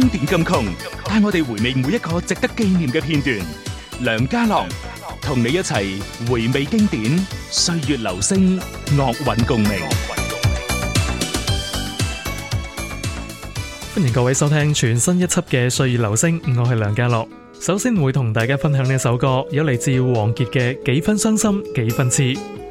經典金曲帶我哋回味每一個值得紀念嘅片段，梁家樂同你一齊回味經典，歲月留聲，樂韻共鳴。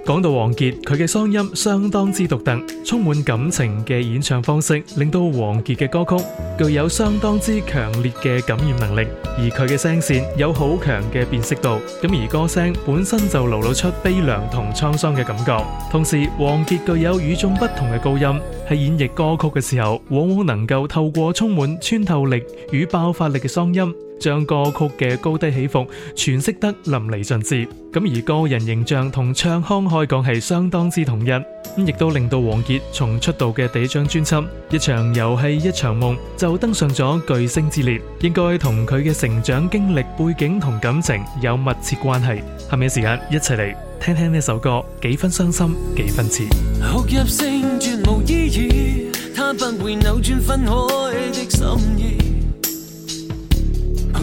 講到王傑，佢嘅嗓音相當之獨特，充滿感情嘅演唱方式令到王傑嘅歌曲具有相當之強烈嘅感染能力。而佢嘅聲線有好強嘅辨識度，咁而歌聲本身就流露出悲涼同滄桑嘅感覺。同時，王傑具有與眾不同嘅高音，喺演繹歌曲嘅時候，往往能夠透過充滿穿透力與爆發力嘅嗓音，將歌曲嘅高低起伏詮釋得淋漓盡致，咁，而個人形象同唱腔開講係相當之統一，亦都令到王傑從出道嘅第一張專輯《一場遊戲一場夢》就登上咗巨星之列，應該同佢嘅成長經歷背景同感情有密切關係。下面時間，一齊嚟聽聽呢首歌《幾分傷心幾分痴》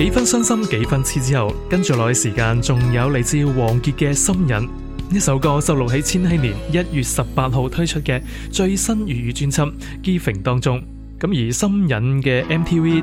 幾分傷心，幾分痴之後，跟住落去時間，仲有嚟自王傑嘅《心癮》。呢首歌就錄喺千禧年一月十八號推出嘅最新粵語專輯《Giving》當中，咁而心癮嘅 MTV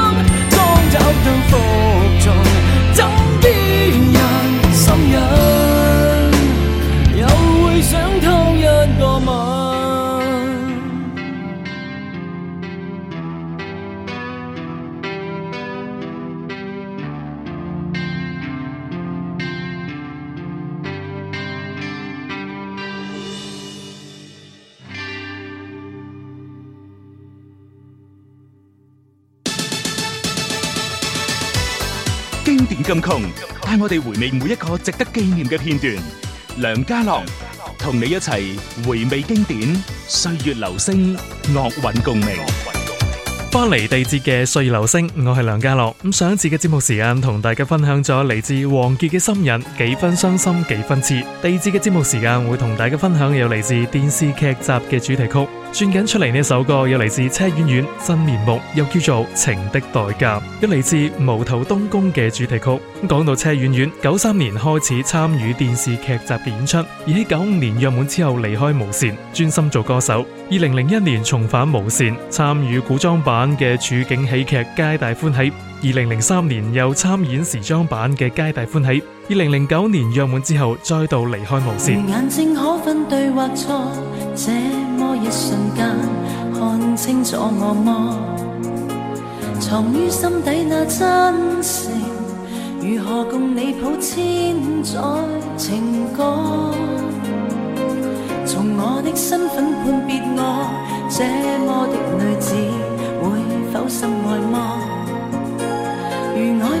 經典金曲，帶我哋回味每一個值得紀念嘅片段。梁家樂同你一齊回味經典，歲月留聲，樂韻共鳴。返嚟地節嘅歲月留聲，留聲我係梁家樂。咁上一次嘅節目時間，同大家分享咗嚟自王傑嘅《心人》幾心，幾分傷心幾分痴。地節嘅節目時間，會同大家分享有嚟自電視劇集嘅主題曲。轉緊出嚟呢首歌，又嚟自車婉婉新面目，又叫做《情的代價》，又嚟自《無頭東宮》嘅主題曲。講到車婉婉，九三年開始參與電視劇集演出，而喺九五年約滿之後離開無線，專心做歌手。二零零一年重返無線，參與古裝版嘅處境喜劇《皆大歡喜》。二零零三年又參演時裝版嘅皆大歡喜，二零零九年約滿之後再度離開無綫。眼睛可分對或錯，這麼一瞬間看清楚我麼藏於心底那真誠如何共你譜千載情歌，從我的身份判別我這麼的女子會否深愛麼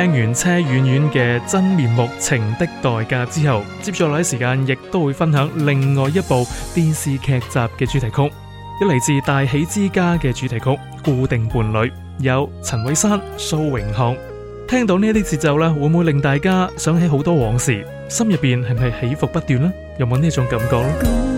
聽完車婉婉嘅《真面目》《情的代價》之後，接住落嚟時間亦都會分享另外一部電視劇集嘅主題曲，一嚟自《大喜之家》嘅主題曲《固定伴侶》，有陳偉山、蘇永康。聽到呢啲節奏呢，會唔會令大家想起好多往事？心入邊係唔係起伏不斷呢？有冇呢種感覺呢？